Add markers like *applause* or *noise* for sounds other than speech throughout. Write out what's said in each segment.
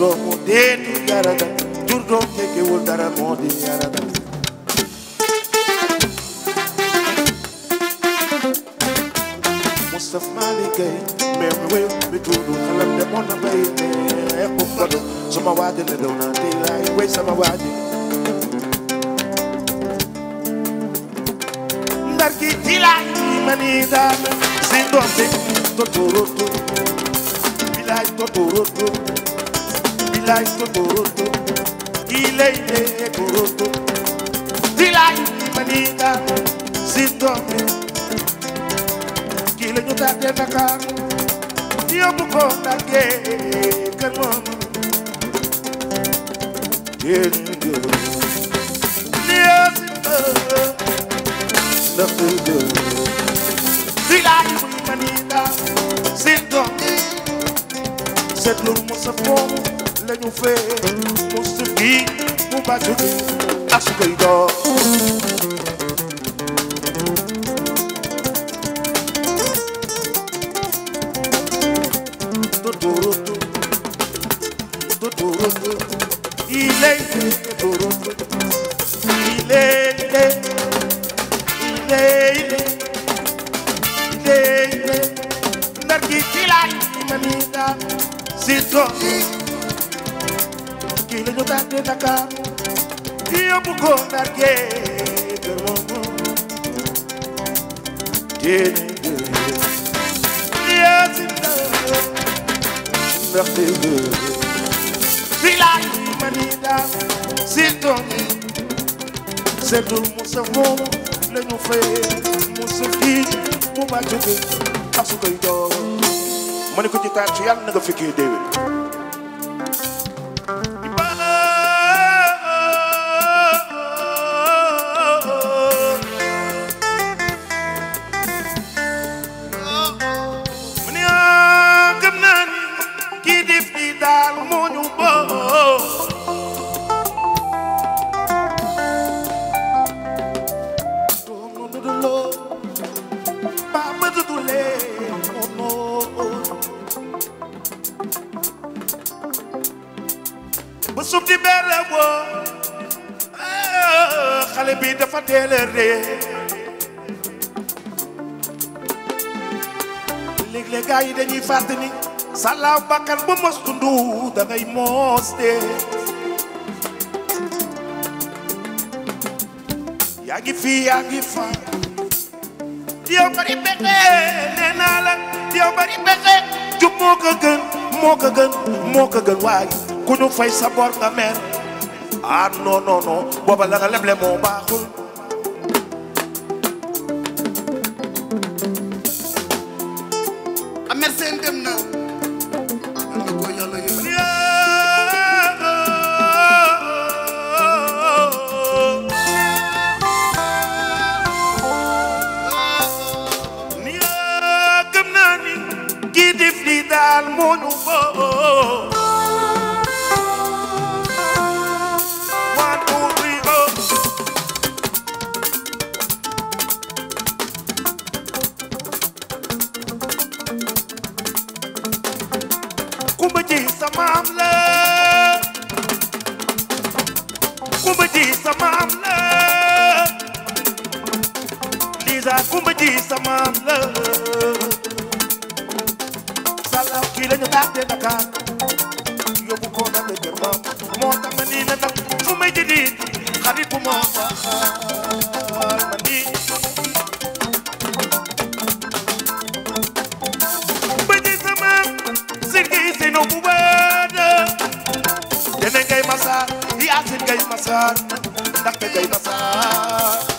jurdoo mu deetul dara wéy mi tuudu xalam de moo ne bu ko def sama waaji la daw naa tey laay wéy sama waaji ndar ki tilaay mani daana si doom bi Dilaay Koroto Dilaay de Koroto Dilaay Manita si doom kii la ñu tàggee Dakar yóbbu ko tàggee kër moom yéen ñu jëm Dilaay Manita si doom seetlu mu sa foofu Se nou fe, nou se pi, nou pa te pi, a sou pei do. dëddul Moussa moom la ñu fayee Moussa kii mu bàcc ko a su koy doon ma ne ko ci taat yàlla na nga fi kii déwén fàtte ni salaaw bakkan ba mos dundu da ngay dee yaa ngi fii yaa ngi fa yow bari pexe nee naa la yow bari pexe jub moo ko moo ko moo ko waaye ku fay sa nga mer ah non non non booba la leble moo baaxul daate Dakar yóbbu ko na la jëm ma moo tax ma nii la nag fu may jëndi xaritu ma baaxal ma nii ba ji sama sirgi sinu bu baada dene gay masaar yi asin gay masaar ndaxte gay masaar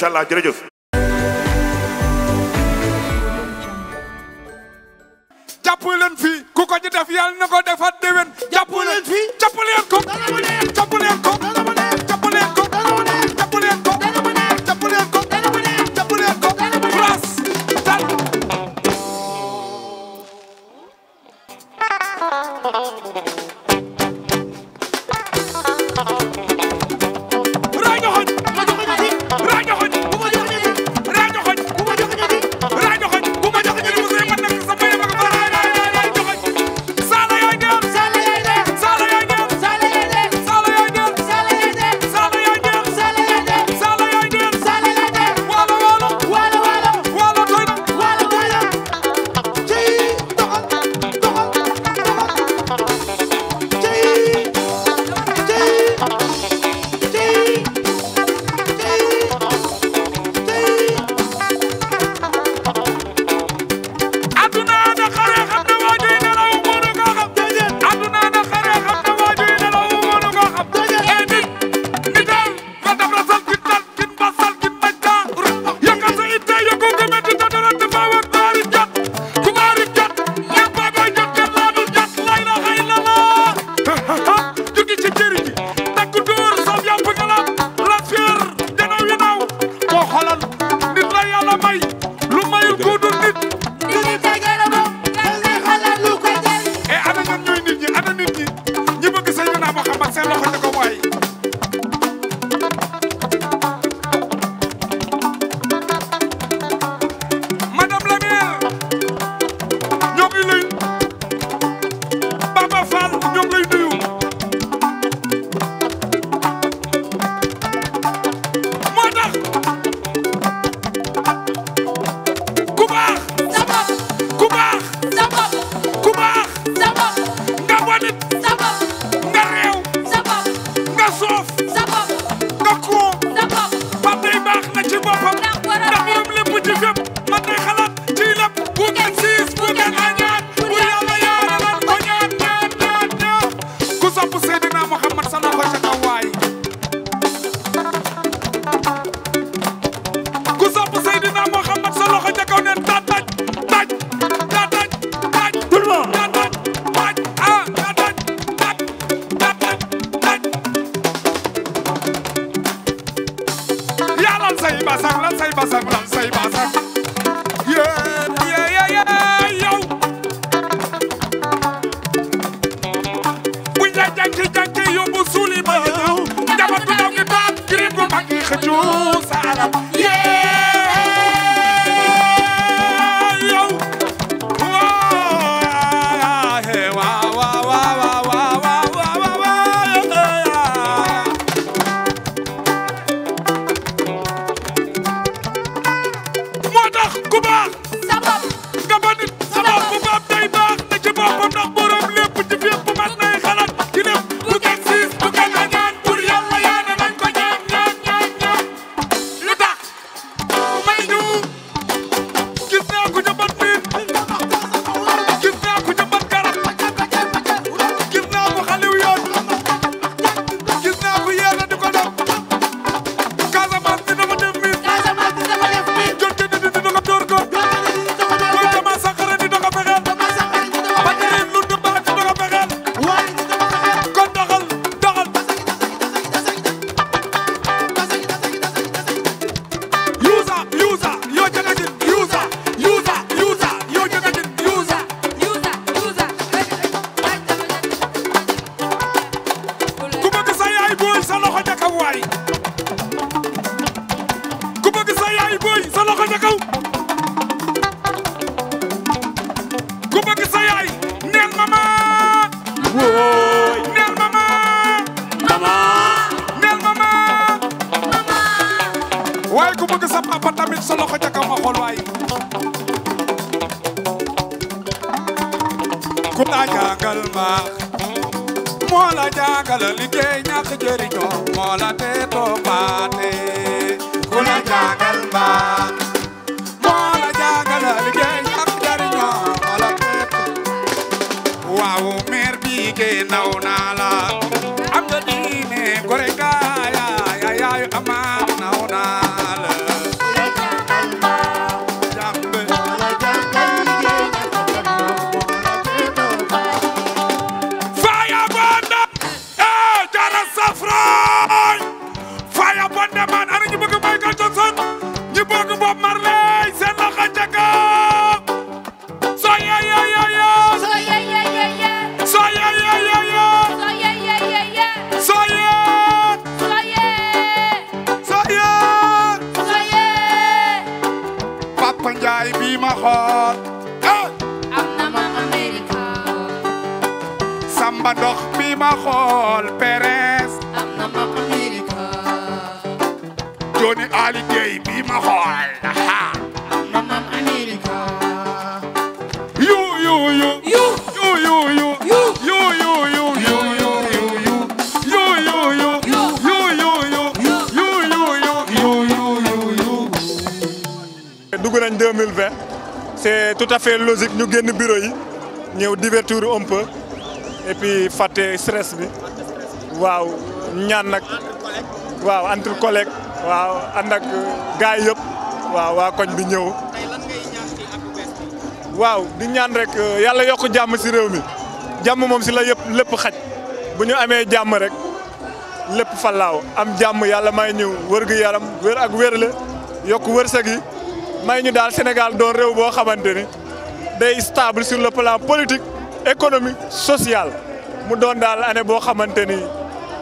incha allah jërëjëf ma xool waay ku la jàngal mbaax moo la jàngal liggéey ñàkk jëriñoo moo te toobaate ku la jàngal mbaax logique ñu génn bureau yi ñëw divertir un peu et fàtte stress bi waaw ñaan nag waaw entre collègues waaw ànd ak gars yëpp waaw waa koñ bi ñëw waaw di ñaan rek yàlla yokk jàmm ci réew mi jàmm moom ci la yëpp lépp xaj bu ñu amee jàmm rek lépp fallaaw am jàmm yàlla may ñu wërgu yaram wér ak wérle yokk wërsëg yi may ñu daal Sénégal doon réew boo xamante day stable sur le plan politique économique sociale mu doon daal année boo xamante ni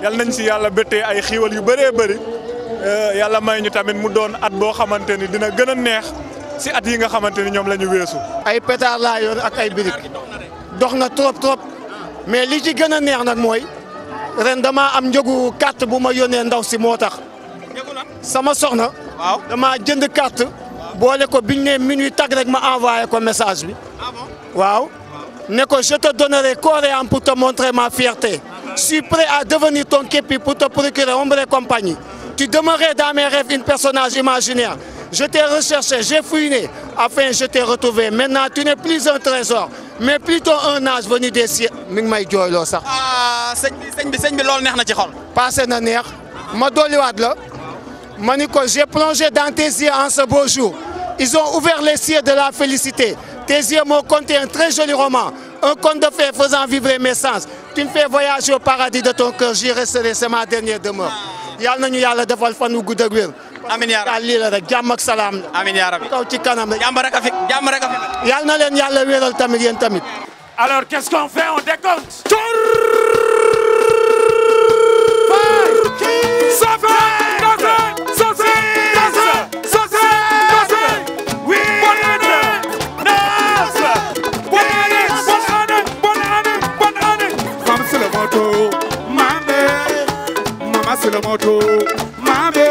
yal nañ si yàlla béttee ay xiiwal yu bëree bëri euh, yàlla may ñu tamit mu doon at boo xamante ni dina gën a neex si at yi nga xamante ni ñoom la ñu weesu. ay pétard laa yoon ak ay birig dox na trop trop mais li ci gën a neex nag mooy ren damaa am njëgu carte bu ma yónnee ndaw si moo tax sama soxna. waaw damaa jënd carte. Je ko biñ minuit tag rek message Ah bon Wow. je te donnerai coréen pour te montrer ma fierté je suis prêt à devenir ton képi pour te procurer ombre et compagnie tu demeurais dans mes rêves une personnage imaginaire je t'ai recherché j'ai fouiné afin je te retrouvé maintenant tu n'es plus un trésor mais plutôt un âge venu des cieux mi ngi may sax. Ah, as Manico, j'ai plongé dans tes yeux en ce beau jour. Ils ont ouvert les cieux de la félicité. Tes yeux m'ont conté un très joli roman, un conte de fées faisant vibrer mes sens. Tu me fais voyager au paradis de ton cœur, j'y resterai, c'est ma dernière demeure. yàlla nañu yàlla defal fan wu gudd ak wér. amiin yaa rabbi lii rek jàmm ak salam. Amin ya yaa rabbi kaw ci kanam la. jàmm rek a fi rek a fi. na len yalla wéral tamit yéen tamit. alors qu'est-ce qu'on fait on décompte. tur. la moto mabe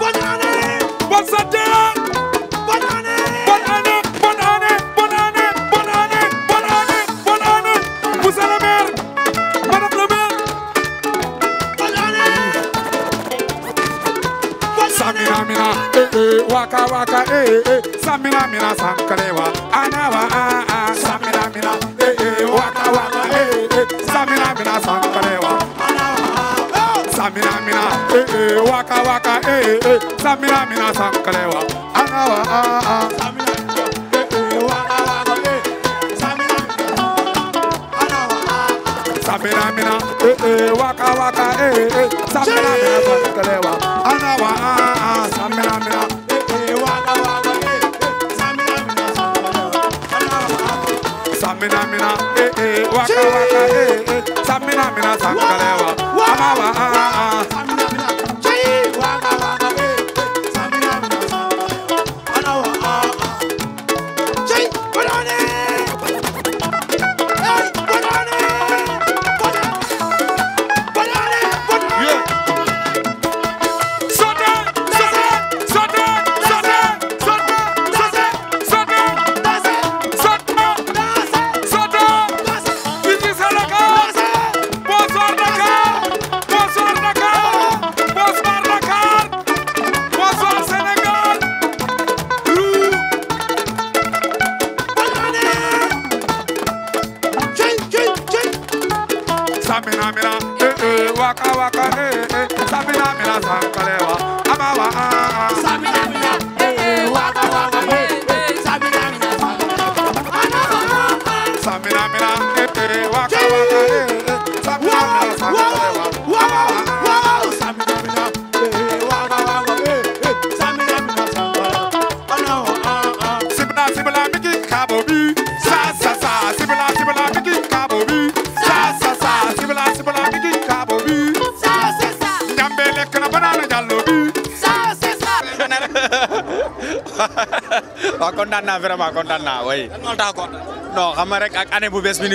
bonne samina mina waka waka eh eh, eh. samina mina sankarewa anawa ah waka waka eh, eh eh Samina mina sankalewa ana ah, ah, ah. wa ah ah Samina mina eh eh waka waka eh eh Samina mina sankalewa ana wa ah ah Samina mina eh eh waka waka eh eh Samira mina sankalewa ana wa Samira mina eh eh waka waka eh eh Samina mina sankalewa ana wa ah kontaan naa vraiment kontaan naa oui. lan moo tax kontaan. non xam rek ak année bu bees bi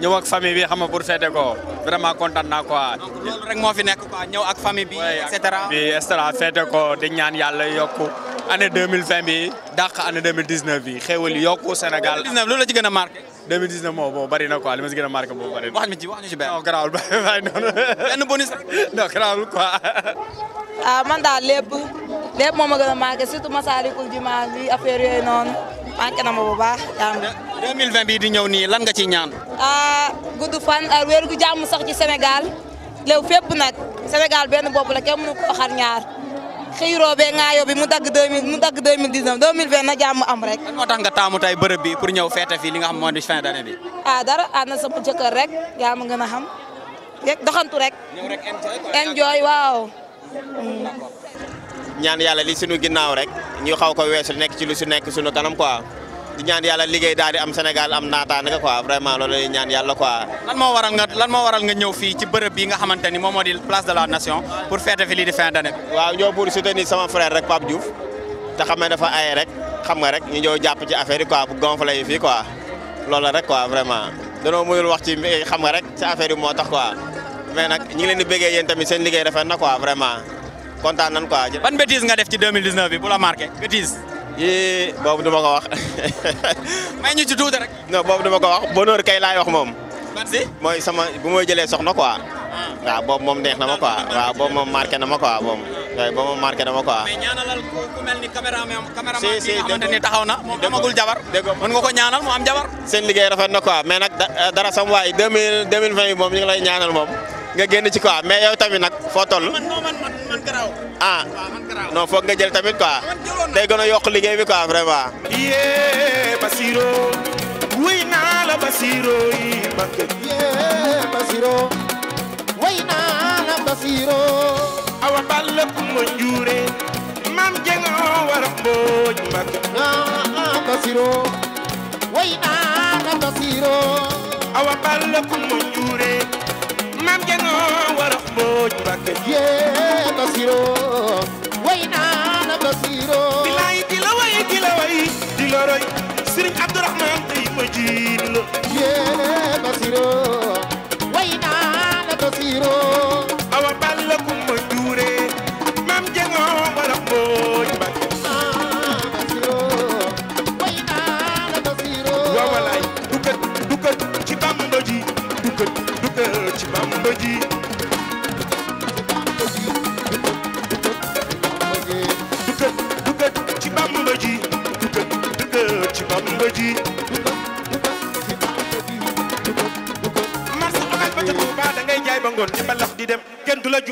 ñëw ak famille bi xam nga pour ko vraiment kontaan naa quoi. donc nekk quoi ñëw ak famille bi. et cetera bi et cetera fêter ko di ñaan yàlla yokku année 2020 bi dàq année 2019 bi xéwal yokku Sénégal. 2019 la ci gën a 2019 moom bon bari na quoi li ma si gën a marqué moom bari na. wax ñu ci wax ñu ci benn. non garaawul bàyyi *laughs* noonu. benn bonus rek. non garaawul quoi. *laughs* ah man daal lépp lépp moo ma gën a marqué surtout Massalikul Jinaan bi affaire yooyu noonu manqué na ma bu baax yaa ngi. 2020 bii di ñëw nii lan nga ciy ñaan. ah gudd fan ah, wér gu jàmm sax ci Sénégal léew fépp nag Sénégal benn bopp la kenn mënu ko xar ñaar. xiiroo bee ŋaayoo bi mu dagg deux mille mu dagg deux mille dix neuf na jàmm am rek. lan moo tax nga taamu tey bërëb bi pour ñëw feete fii li nga xam moo di fin d'année bi. ah dara ànd na sama jëkkër rek yaa ma gën a xam rek doxantu rek. ñëw rek enjoy waaw. ñaan yàlla li suñu ginnaaw rek ñu xaw ko weesu nekk ci lu su nekk suñu kanam a di ñaan yalla liggéey daal di am Sénégal am naataan nga quoi vraiment loolu la ñaan yalla quoi. lan mo waral nga lan mo waral nga ñëw fi ci bërëb bi nga xamanteni mo modi place de la nation pour fête fi li di fin d'année waaw ñoo pour soutenir sama frère rek pap Diouf te xamé dafa aye rek xam nga rek ñu ñoo japp ci affaire yi quoi bu gonflé fi quoi loolu rek quoi vraiment danoo mënul wax ci eh, xam nga rek ci affaire yi motax quoi mais nak ñi ngi leen di bëggé yeen tamit seen liggéey rafet na quoi vraiment kontaan nañ quoi. ban bêtise nga def ci 2019 bi bu la marqué bêtise yii boobu du ma ko wax. *laughs* may ñu ci tuuti rek. non boobu ko wax bonheur kay laay wax moom. mooy sama bu may jëlee soxna quoi. Ah. waaw boobu moom neex na ma quoi ah. waaw boobu moom marqué na ma quoi boobu. Ah. waaye boobu moom marqué na ma quoi. mais ñaanalal ku mel ni caméraman caméraman bi taxaw na moom amagul jabar. dégg mën nga ko ñaanal mu am jabar. seen liggéey rafet na quoi mais nag dara sam waay deux mille deux mille vingt moom ñu ngi lay ñaanal moom. nga genn ci quoi mais yow tamit nak fo toll. man non man man man garaaw. ah non fo nga jël tamit quoi. day gëna yok yokk liggéey bi quoi vraiment. yé Basiro. wuy na la Basiro yi mag. yé Basiro. way na la Basiro. awa balla kumba njuure. maam jengoo war a mbooj mag. Ah, ah, naa Basiro. way na la Basiro. awa ko mo njuure. maam jëngoo warax mbooj Mbàkke yee Basiroo way naa la Basiroo bilaay di la way di la way di la roy Sëriñ Abdourahmane tey ma jiin la yee Basiroo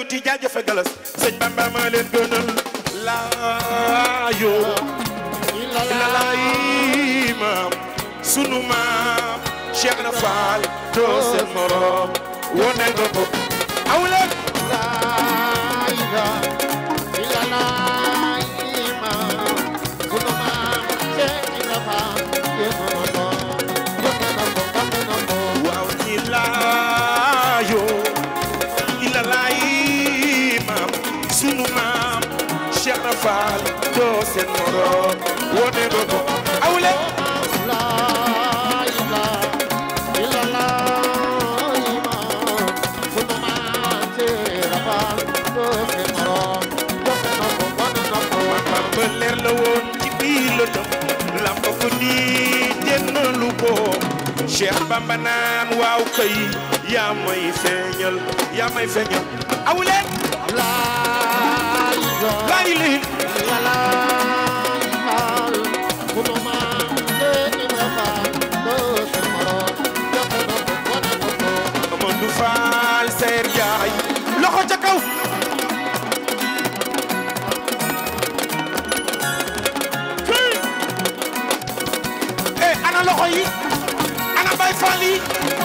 tuuti jaajëfe ma leen gënal laayo lalaay maam sunu maam Cheikh na Faal doo seen morom seen moroom wone ba ko aw leen laa ilaaha illallaah imaam fu mu maate rabaan doxe moroom doxe na ko wane na ko man ba leer la woon ci biir la dam làmb ko ni jenn lu boom Cheikh Bamba naan waaw kay yaa may feeñal yaa may feeñal aw leen laa ilaaha Italy.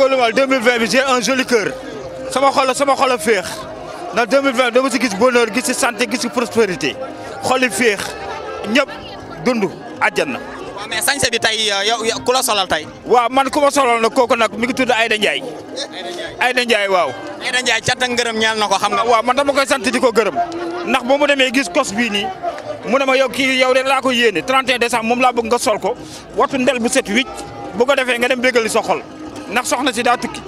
Colonial 2020 bi j'ai un joli cœur sama xol sama xol féex na 2020 dama si gis bonheur gis si santé gis si prospérité xoli féex ñëpp dundu àjjana. waaw mais sañse bi tey euh, yow ku solal tey. wa man ku ma solal nag kooku nak mi ngi tudd Aïda Ndiaye. Aïda Ndiaye waaw. Aïda Ndiaye cat ak ngërëm ñaal na ko xam nga. waaw man dama koy sant di ko gërëm ndax boo mu demee gis kos bii nii ma yow kii yow de ko yéene 31 décembre moom laa bëgg nga sol ko wattu ndel bu set wicc bu ko defee nga dem bégali sa ndax soxna si daa tukki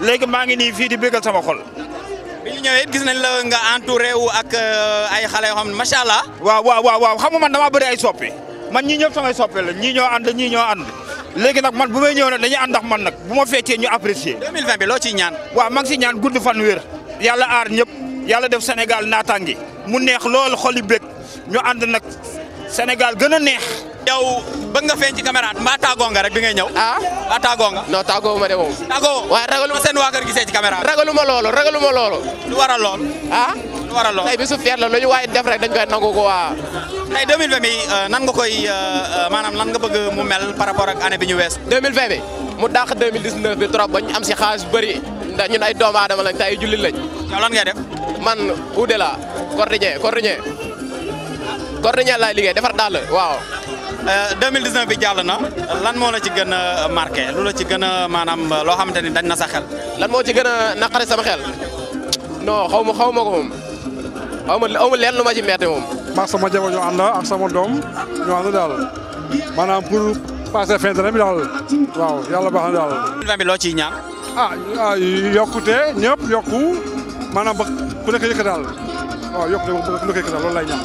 léegi maa ngi nii fii di bégal sama xol. bi ñu ñëwee gis nañ la nga entouré wu ak euh, ay xale yoo xam ne macha allah. waaw waaw waaw xam nga man damaa bëri ay soppi man ñii ñëpp samay soppe la ñii ñoo ànd ñii ñoo ànd léegi nag man bu may ñëw nag dañuy ànd ak man nag bu ma feccee ñu apprécier. 2020 bi loo ciy ñaan. waa maa ngi ñaan gudd fan wér. yàlla aar ñëpp yàlla def Sénégal naataange mu neex lool xoli bég ñu ànd nag Senegal gëna neex. yow ba nga feeñ ci caméra ma nga rek bi ngay ñëw. ah mata tàggoo nga. no tago, ma de tago tàggoo waaye ragalu ma sen wa kër sé ci caméra ragalu ma loolu ragalu lu waral lool. ah lu waral lool tay bisu fiat la lu ñu waaye def rek dañ koy nangu ko wa tay 2020 bi euh, nan nga koy euh, euh, manam lan nga bëgg mu mel par rapport ak année bi ñu wess 2020 bi mu 2019 bi trop bañ am si xaalis bu bëri ndax ñun ay doom adam lañ tay lañ. yow lan ngay def. man Oudela Cordier Cordier. Cordiñal laay liggéey defar daal waaw. 2019 euh, bi jàll na lan moo la ci gën a marqué lu la ci gën a maanaam loo xamante ni dañ na sa lan moo ci gën a naqari sama xel non xaw ma xaw ma ko moom xaw ma aw ma leen lu ma ci metti moom. maa sama jabar ñu ànd ak sama doom ñu ànd daal maanaam pour passer fin d'année bi daal waaw yàlla baax na daal. loo ciy ñaan. ah ah yokkute ñëpp yokku maanaam ba ku nekk yëkk daal waaw loolu lay ñaan.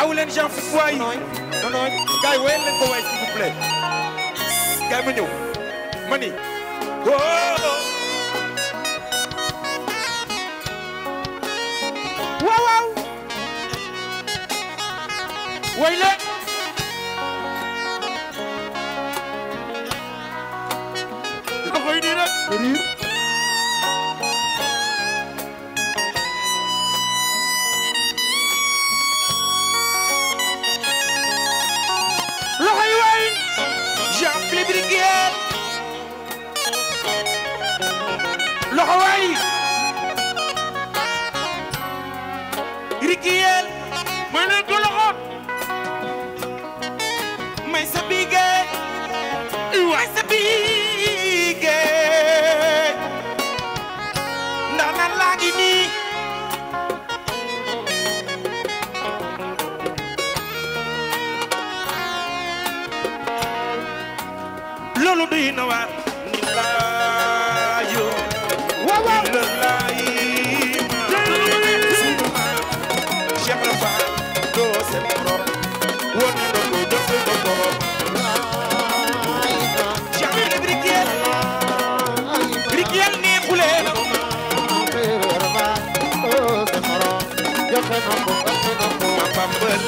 aw leen Jean François yi non non gars yi wéyal leen ko waay s'il vous plaît gars yi ma ñëw ma ni waaw waaw way leen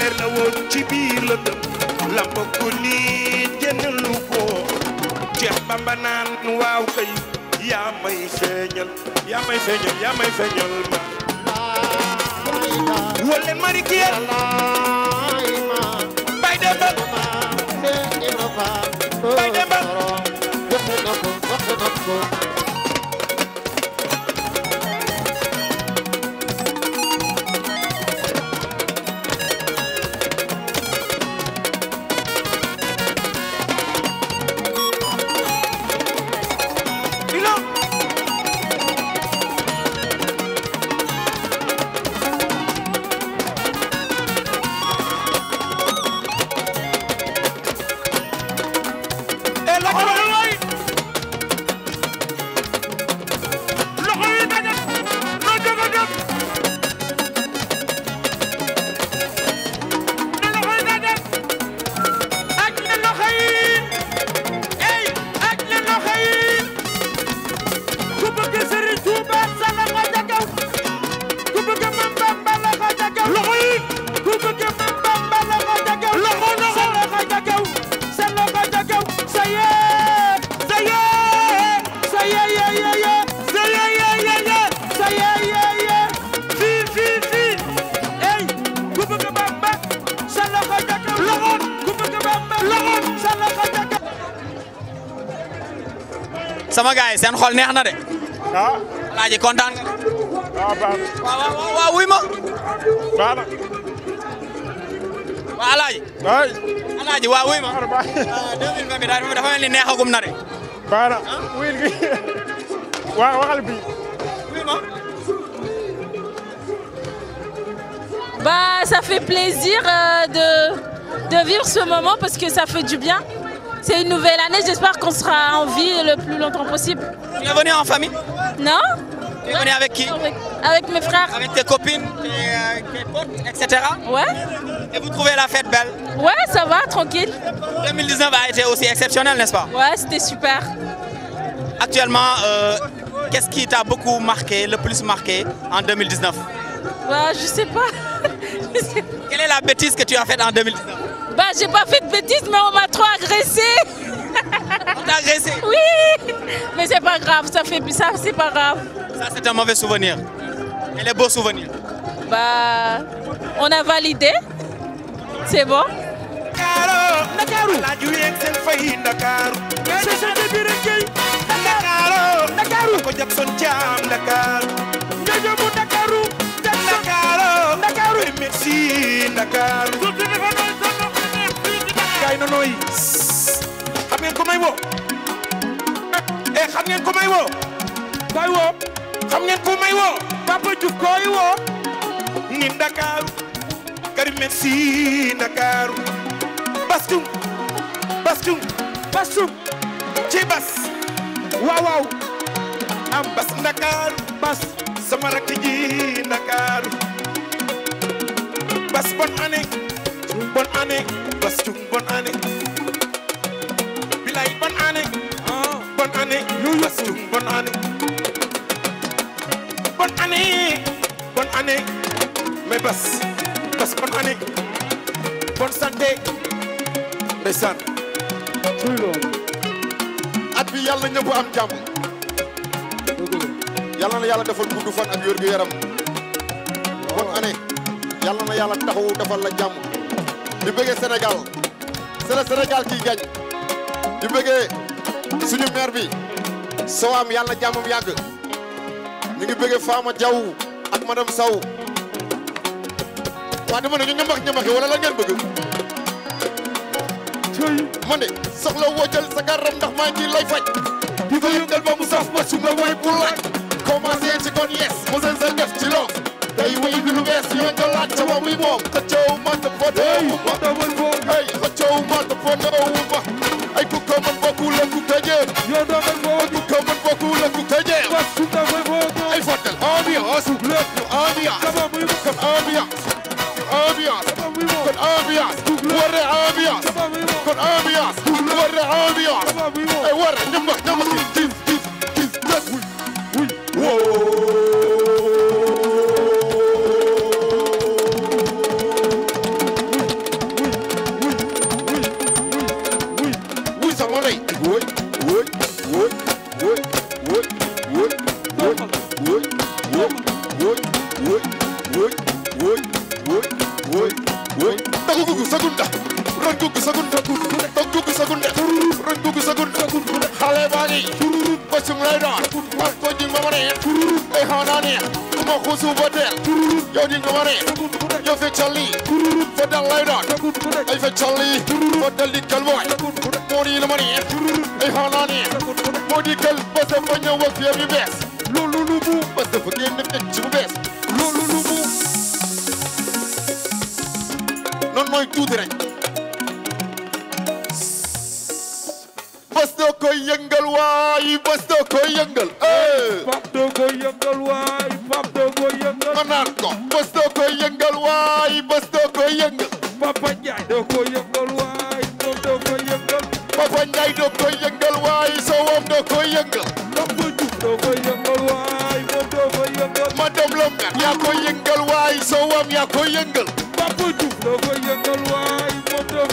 leer la woon ci biir la dëm lamba ko nii jënd lu ko Cheikh Bamba naan waaw kay yaa may feeñal yaa may feeñal yaa may feeñal ma. wala mari kiyal. bay dembal. bay dembal. daal neex de. ah. alaaji content wa waaw ah, wa na. waaw waaw waaw wuy wa baax alaaji. waay. alaaji waaw wuy ma. 2020 ah, bi dafa mel ni neexagum na de. baax na ah. wuy gi waaw waxal bi. wuyma ma. Bah, ça fait plaisir euh, de, de, vivre ce moment parce que ça fait du bien. C'est une nouvelle année, j'espère qu'on sera en vie le plus longtemps possible. Tu es venu en famille Non. Tu es venu avec qui avec, mes frères. Avec tes copines, tes, euh, potes, etc. Ouais. Et vous trouvez la fête belle Ouais, ça va, tranquille. 2019 a été aussi exceptionnel, n'est-ce pas Ouais, c'était super. Actuellement, euh, qu'est-ce qui t'a beaucoup marqué, le plus marqué en 2019 bah, je sais pas. *laughs* sais pas. Quelle est la bêtise que tu as faite en 2019 Bah, j'ai pas fait de bêtise, mais on m'a trop agressé. Oui, mais c'est pas grave, ça fait ça, c'est pas grave. Ça, c'est un mauvais souvenir. Et les beaux souvenirs Bah, on a validé. C'est bon. ngeen ko may woo eh, eh xam ngeen ko may woo koy woo xam ko may woo Papa Diouf koy woo ni Ndakaaru Karim merci Ndakaaru bastum bastum bastum ci bas waaw waaw am bas Ndakaaru bas sama rakk ji Ndakaaru bas bonne année bonne année bastum bonne année Abdoulaye bonne année bonne année ñu wëstu bonne année bonne année bonne année mais bas bas bonne année bonne santé ndeysaan muy loolu at bi yàlla ñëpp am jàmm yàlla na a defal gudd fan ak wérgu yaram bonne année yàlla na a taxawu defal la jàmm di bëggee Sénégal c'est le Sénégal qui di bëggee suñu maire bi sawaam yàlla jàmmam yàgg ñu ngi bëggee Fama Diaw ak madame Sow waa dama ne ñu ñamax ñamax wala la ngeen bëgg ma ne soxla wojal sa garam ndax maa ngi lay faj di ko yëngal ba mu saf ma su nga woy bu laaj commencé ci kon yes mu seen seen def ci loo day wéy bi lu bees ñu laaj sa wa muy moom ka coow ma ta foo doo ma ta coow ma ta foo doo ma ay ku ko mën bokkul ak ku ko jéem. yow doo mën boo ku ko mën bokkul ak ku ko jéem. parce que da koy bokkoo. ay fottal ambiance. lépp ñu ambiance. dama muy mu kon ambiance. ñu ambiance. dama muy mu kon ambiance. war na ambiance. dama muy mu kon ambiance. war na ambiance. dama muy mu ay war na ñëpp ñëpp ci jiif jiif. waree day xaw naa neex ku ma xuusu ba teel yow di nga waree yow feccal lii fa dal lay doon ay feccal fa dal dikkal booy moo di lu ma neex ay xaw naa neex moo dikkal ba sa fa ñëw ak fiyeem yu bees loolu lu bu ba sa fa génn fecc bu bees loolu lu bu noonu mooy tuuti rek Pape doo ko yëngal waay Pape doo ko yëngal. ma naan ko bés doo ko yëngal waay bés doo ko yëngal. Papa Ndiaye doo ko yëngal waay moom doo ko yëngal. Papa Ndiaye doo ko yëngal waay sowam doo ko yëngal. Ndambu Diouf doo ko yëngal waay moom doo ko yëngal. Madame Longa yaa ko yëngal waay sowam yaa ko yëngal. Papa Diouf doo ko yëngal waay moom doo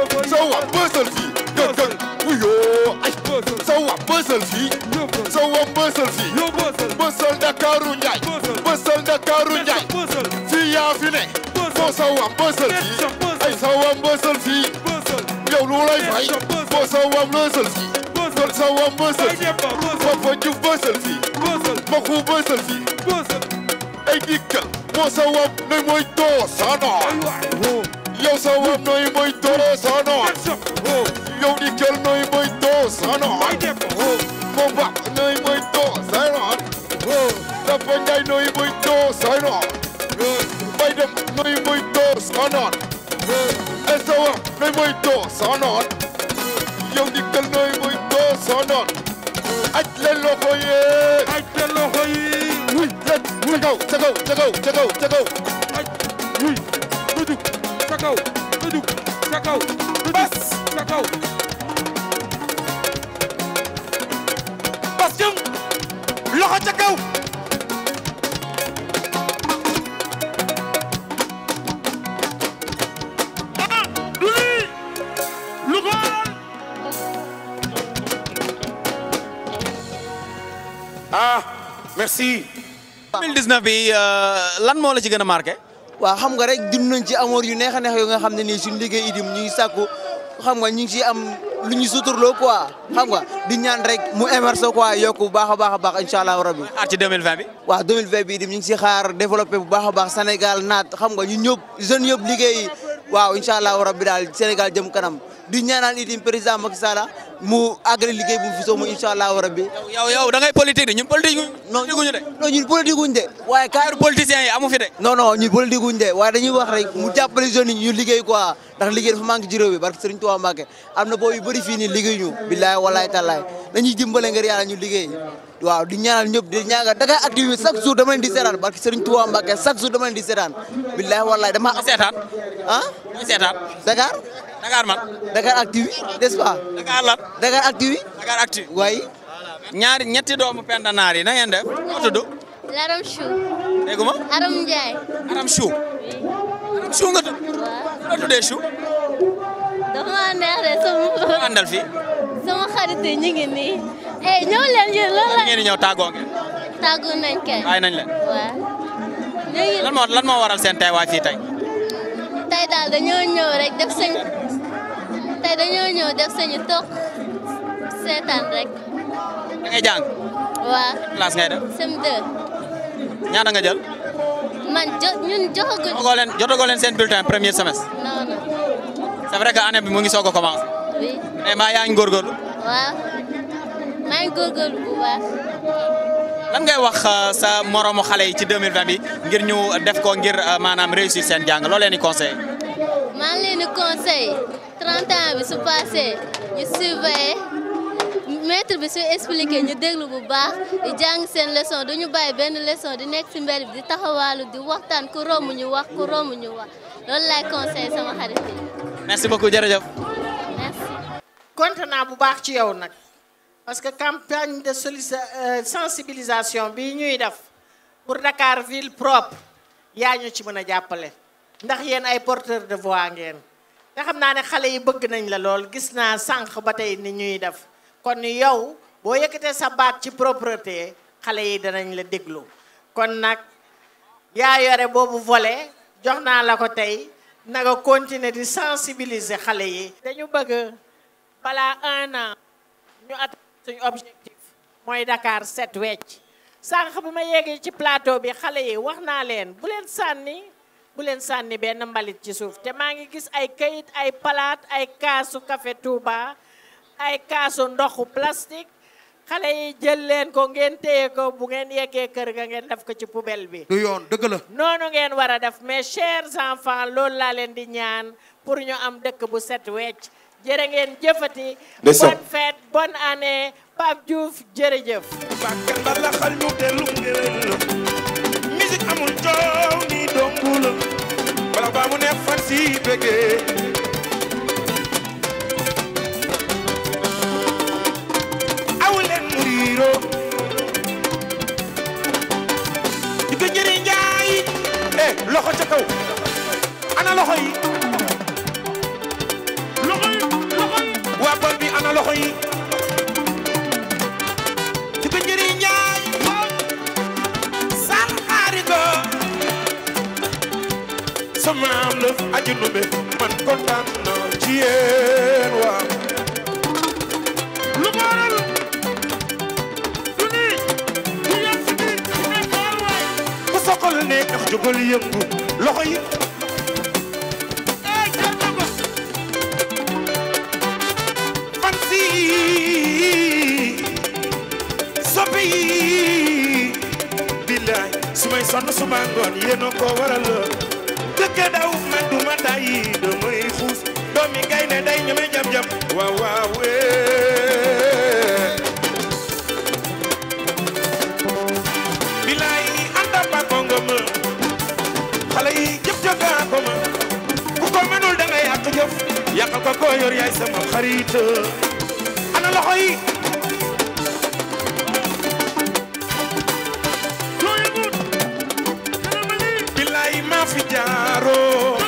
Sou a Busselfi, Gagan, Uyo, Sou a Busselfi, Sou a Busselfi, Bussel da Carunhai, Bussel da Carunhai, Fia Fine, Sou a Busselfi, Sou a Busselfi, Eu Lulai Vai, Sou a Busselfi, Sou a Busselfi, Papanju Busselfi, Maku Busselfi, Ei Dika, Sou a Nemoito Sana. Eu sou um noi muito sono Eu de que noi muito sono Bomba noi muito sono Da pandai noi muito sono Vai dem noi muito sono Eu sou um noi muito sono Eu de que noi muito sono Atlelo hoye Atlelo hoye Let's go, let's go, let's go, let's go. Let's go. kaw du jug ca kaw du bas ca kaw bas jëm loxo ca kaw ah merci. 2019 bi euh, lan moo la ci gën a marqué. waaw xam nga rek dund nañ ci amoor yu neex a neex yoo nga xam ne ni suñu liggéey itam ñu ngi sàkku xam nga ñu ngi ciy am lu ñu suturloo quoi xam nga di ñaan rek mu émergé quoi yokk bu baax a baax a baax incha allah rabi. xaar ci 2020 bi. waaw 2020 bi itam ñu ngi si xaar développé bu baax a baax Sénégal naat xam nga ñu ñëpp jeunes yëpp liggéey waaw incha allah rabi daal Sénégal jëm kanam di ñaanal itam président Macky mu àggali liggéey bu mu fi soobu incha allahu rabbi. yow yow da ngay politique de ñun politique ñu. non ñun politique guñ de. waaye cadre politicien yi amu fi de. non non ñun politique guñ de waaye dañuy wax rek mu jàppale jeunes yi ñu liggéey quoi ndax liggéey dafa manqué ci réew bi barke Serigne Touba Mbacké am na boo yu bëri fii nii liggéey ñu. billaay walaay dañuy dimbale ngir ñu liggéey waaw di ñaanal ñëpp di ñaanal Dakaractu bi chaque jour dama leen di seetaan barke di seetaan billahi wallahi dama am seetaan ah muy seetaan Dakar Dakar ñaari ñetti doomu Penda Naar yi na ngeen def noo tudd Laram Chou déggu ma Aram Ndiaye Aram Aram Chou nga tudd noo sama xarit yi ini ngi eh ñëw leen yéen lan la ngeen ñëw tàggoo ngeen tàggoo nañ kay ay nañ leen waaw lan moo lan moo waral seen teewaay fii tey tey daal dañoo ñëw rek def sañ tey dañoo ñëw def sañu toog seetaan rek da ngay jàng waaw classe ngay def sem 2 ñaata nga jël man jo ñun joxaguñ leen leen seen bulletin premier semestre non non c'est vrai que année bi ngi oui mais eh, maa yaa ngi góorgóorlu. waaw maa ngi góorgóorlu lan ngay wax eh, sa moro xale yi ci 2020 ngir ñu def ko ngir eh, maanaam réussir sen jang loo leen di conseillé. maa ngi leen di conseillé 30 ans bi su passé ñu surveiller maître bi su expliqué ñu déglu bu baax di jàng seen leçon du ñu bàyyi leçon di nekk si di taxawaalu di waxtaan ku romb ñu wax ku romb ñu wax loolu laay conseillé sama xarit yi. merci beaucoup jërëjëf. kontaan bu baax ci yow nag parce que campagne de euh, sensibilisation bi ñuy def pour Dakar ville propre yaa ñu ci mën a jàppale ndax yéen ay porteur de voix ngeen te xam naa ne xale yi bëgg nañ la lool gis naa sànq ba tey ni ñuy def kon yow boo yëkkatee sa baat ci propreté xale yi danañ la déglu kon nag yaa yore boobu volé jox naa la ko tey na nga continuer di sensibiliser xale yi dañu bëgg balaa un an ñu atteindre suñu objectif mooy Dakar set wecc sànq bi ma yeggee ci plateau bi xale yi wax naa leen bu leen sànni bu leen sànni benn mbalit ci suuf te maa ngi gis ay kayit ay palaat ay kaasu café Touba ay kaasu ndoxu plastique xale yi jël leen ko ngeen téye ko bu ngeen yeggee kër ga ngeen def ko ci poubelle bi. du yoon dëgg la. noonu ngeen war a def mais chers enfants loolu laa leen di ñaan pour ñu am dëkk bu set wecc jërë ngeen jëfati. bonne fête bonne année Pape Diouf jërëjëf. musique amul coow ni dongul bala ba mu ne fan si bëggee. Eh, loxo ca kaw ana loxo yi waa bor bi ana loxo yi di ko njëriñ njaay sal xaari ko sama am la aju man kontaan na ci waa lu mooral su ni du yàgg si waay ku soxal ne tax jógal yëngu loxo yi sonn suma ngoon yéen a ko waral dëkk daw man du ma tàyyi damay fuus doomi gaynde day ñeme jam jam waaw waaw eh. bilaay anda ba ko nga ma xale yi jëf jëfaa ku ko mënul da nga yàq jëf yàq ko ko yaay sama xarit ana loxo yi naa fi jaaroo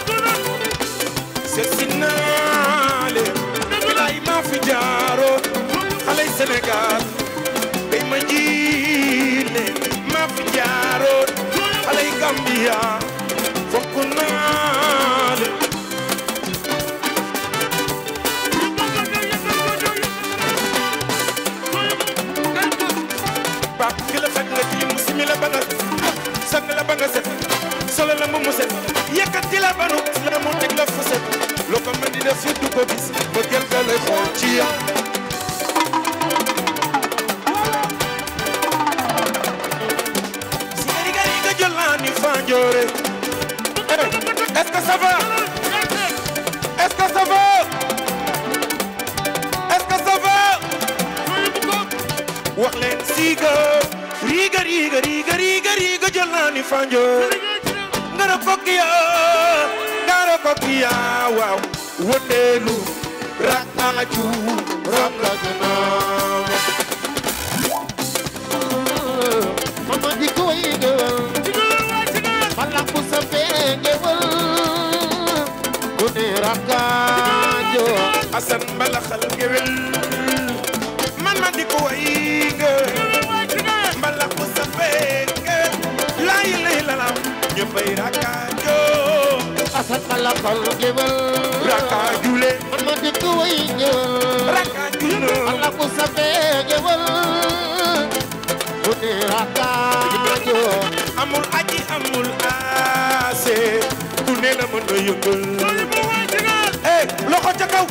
seet si naa leen bilaay maa fi jaaroo xale Sénégal day ma jiile maa fi jaaroo xale Gambia fokk naa leen bak la bak nga tiim simila ba nga sang la ba nga solo la mu muset yëkkati la banu la mu teg la fuset loo ko mën di def fi du ko gis ba gel ga lay xool ci yow si gari gari nga jolaani eh, est-ce que ça va est-ce que ça va est-ce que ça va wax leen siiga riiga riiga riiga riiga riiga jolaani fanjoore kokiya gaaro kokiya waaw wëndeelu rakkaaju rab la gannaaw mama di koy gewël malam bu sa fee gewël gune rakkaaju asan mbalaxal gewël man ma di koy gewël mbalax bu sa fee lay lay lalam ñëppay rakkaaju xalaqal jëbal raka jule man ma dëkk way jëbal raka jule ala ko sabe jëbal bu dee raka jo amul aji amul aase ku ne la mën a yëngal loxo ca kaw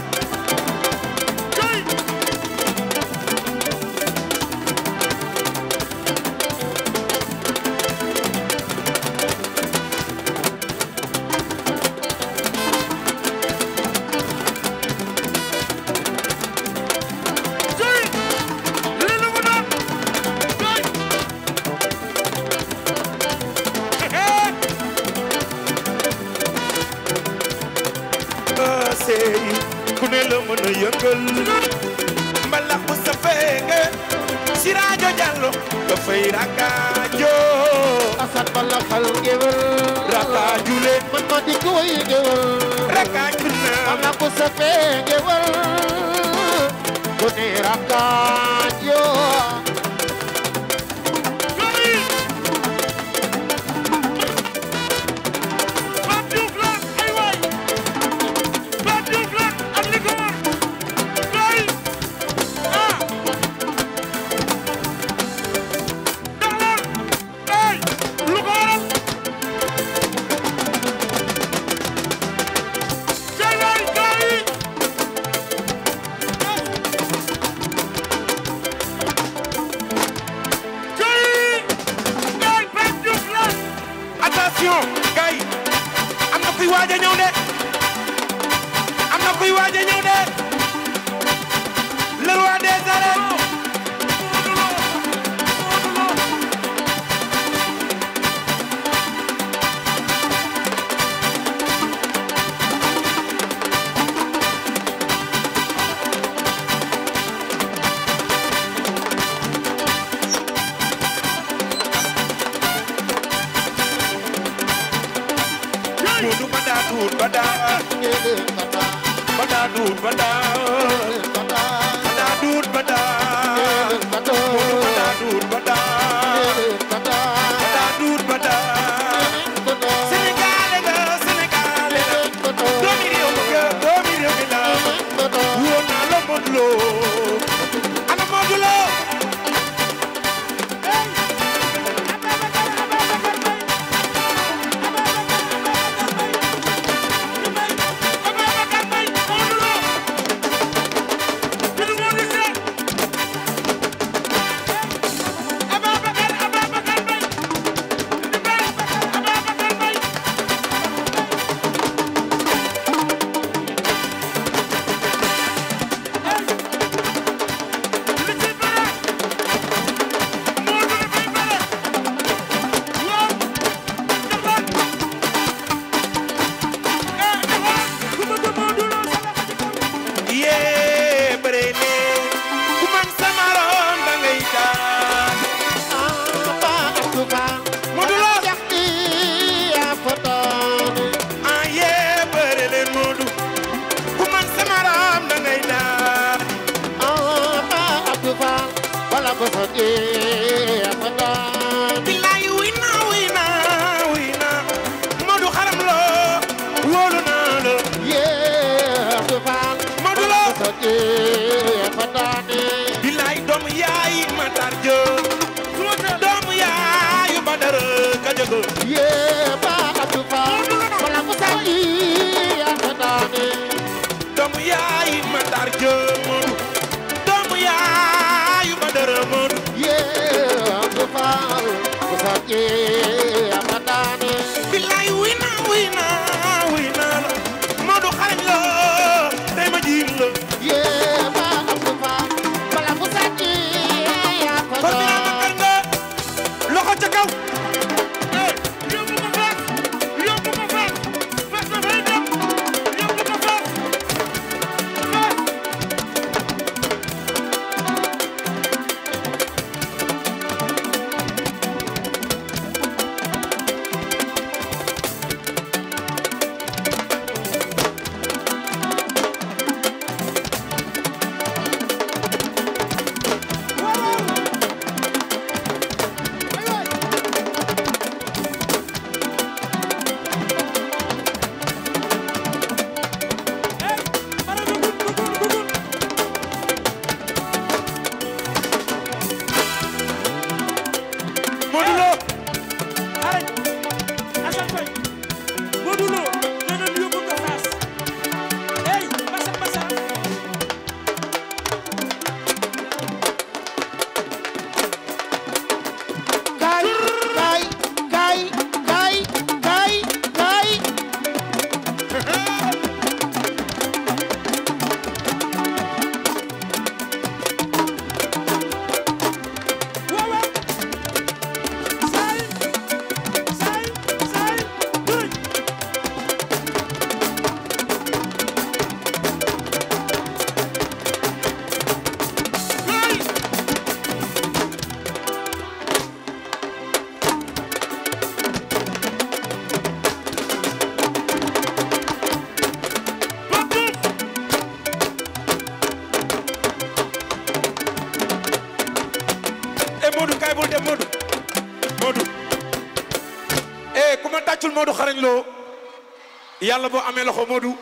yalla bo amé loxo Modou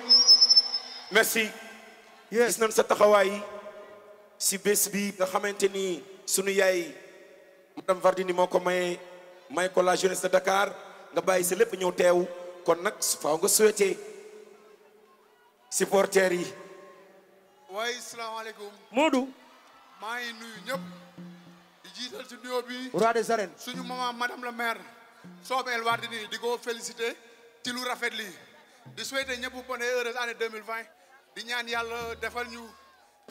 merci yes nañ sa taxaway si bes bi nga xamanteni ni sunu yaay madame Vardini moko maye may ko la jeunesse de Dakar nga bàyyi sa lepp ñëw tew kon nak faaw nga souhaité supporter yi assalamu alaykum Modou may nuyu ñep di jital ci nuyoo bi roi des arènes suñu maman madame la maire sobel Wardini di ko félicité ci lu rafet li di souhaiter ñepp bonne et heureuse année 2020 di ñaan yalla defal ñu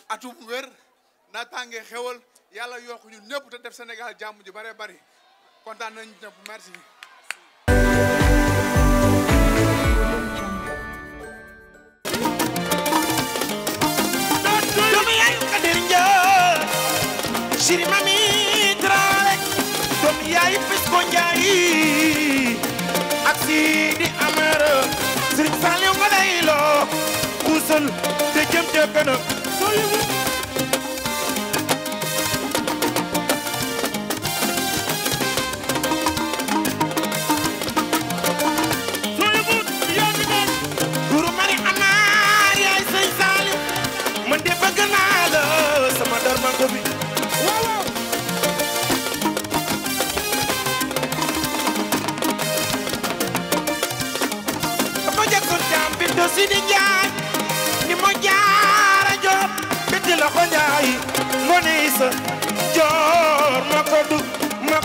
atum na tangé xewal yalla yokk ñun ñepp ta def Sénégal jamm ju bari bari kontaan nañ ñepp merci. mami Aksi sël te jëm ca kanam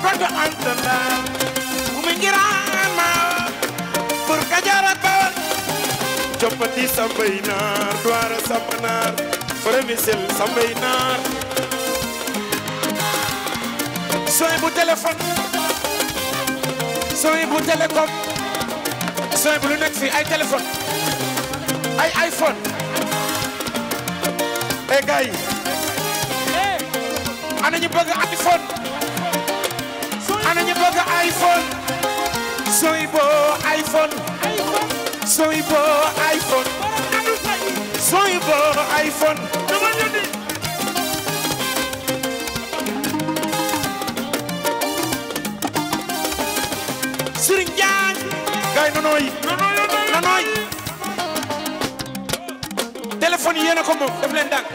a antala umingirama purkajara tawal copati sambainar duara sambanar premisel sambainar soy bu téléphone soy bu télécom soy bu lu nekk fi ay téléphone ay iphone ay gars yi ana ñu iphone iPhone Soyibo iPhone nonoy nonoy téléphone yéena def leen dang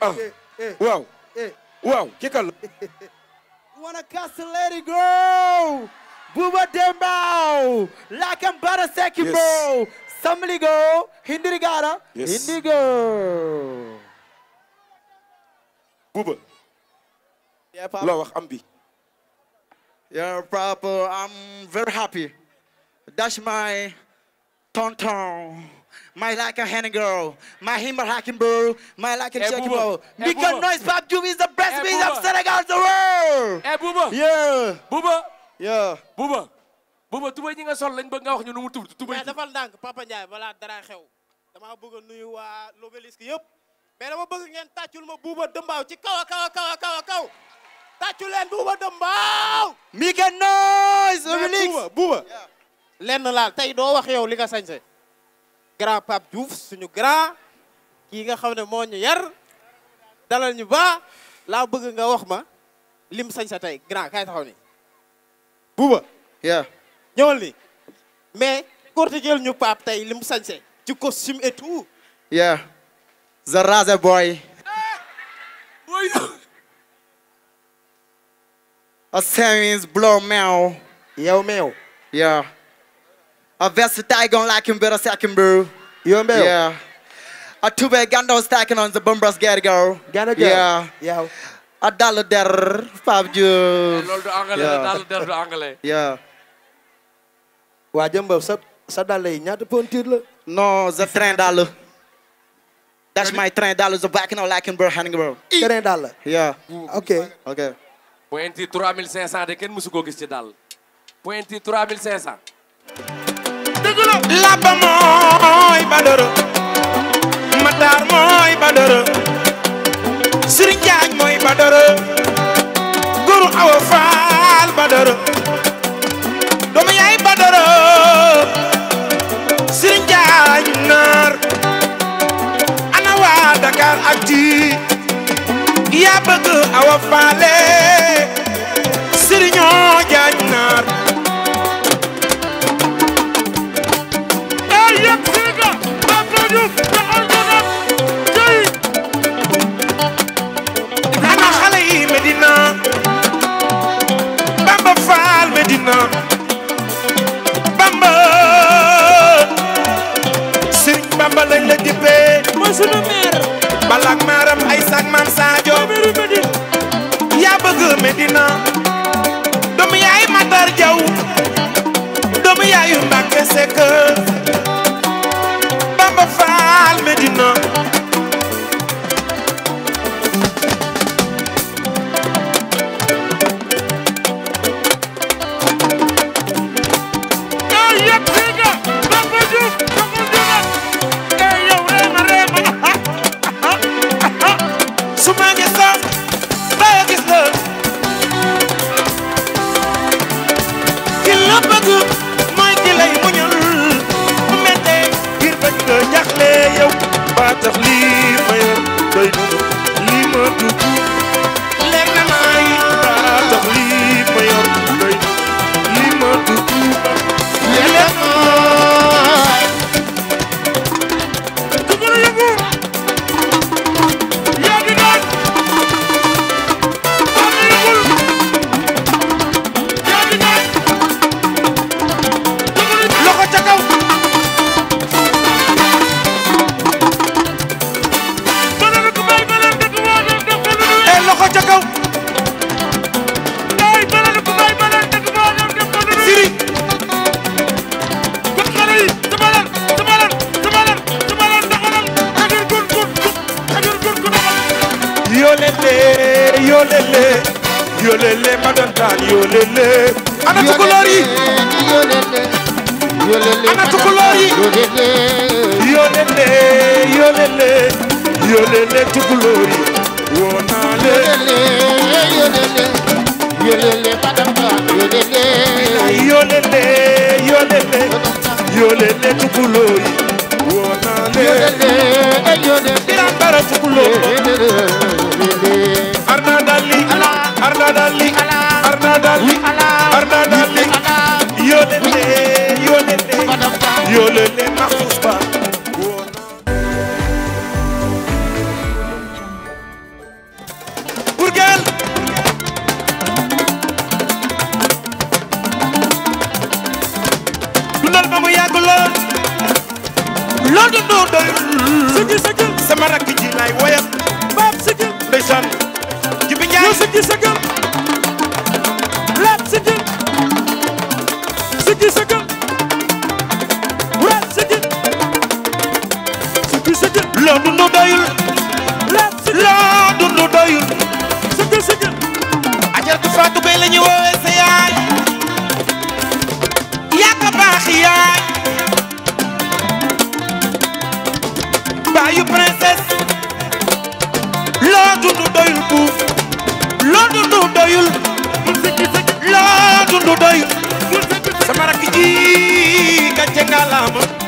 ah Wow. waaw ki kan la wanna cast a lady girl Bouba Demba Lakam Baraseki yes. bro go. Hindirigara yes. Hindigo Bouba Yeah Papa Yeah Papa I'm very happy That's my tonton my like a hand girl, my him Hakimbu, my like a Chakimbo. Because Noise Pop Jum is the best beat of Senegal the world. Eh, Booba. Yeah. Booba. Yeah. Booba. Booba, tu weet je ngasol leng bang ngawak nyunum tu tu weet. Dapat dank Papa Njai, wala dara xew. Dama bëgg nuyu wa Lobelisk yëpp. Mais dama bëgg ngeen tàccul ma Booba Dembaaw ci kaw kaw kaw kaw kaw. Tàccul leen Booba Dembaaw. Mika Noise Lobelisk. Booba. Lenn laal tey doo wax yow li nga sañse. grand Pape Diouf suñu grand kii nga xaw ne mooñu yar dalal ñu ba laa bëgg nga wax ma lim sañ sa tey grand kaay taxaw ni buuba yaa ni mais cortigel ñu Pape tey lim sañse ci costume et tout yaa the rase boy boy a sandwich blow meew yow meew yaa A vest tiger like him better second bro. You and me. Yeah. A two bag gando stacking on the bumbras get girl. Get a girl. Yeah. Yeah. A dollar der five dollar Yeah. dollar jëmba sa sa dàll yi ñaata pontiir la. non the train dollar. that's my train dollar. the back now like him bro handing bro. train dollar. yeah. Mm. ok ok. pointi 3500 de kenn mësu ko gis ci dàll. pointi 3500. dëgg la labba mooy mataar mooy badoro sëriñ jaañ mooy badoro góoru awa faal badoro doomu yaay badoro sëriñ jaañ naar ana waa Dakar ak ti yaa bëgg awa faale yolele ana tukulóor yi ana tukulóor yi yolele yolele yolele tukulóor yi woo naa le. yolele badamba yolele yolele yolele yolele tukulo yi wonale yolele yolele birambara tukulo arnadali arnadali ala dali arna dali yolele yolele yolele Mahfouss Ba burgel dundal ba mu yàgg lool lool dundu doyul sigil sigil sama rakk ji lay woyal baab sigil ndeysaan jibi njaay sigil sigil nattu loo dundu doyul loo dundu doyul sama rakk ji gàcce ngalaama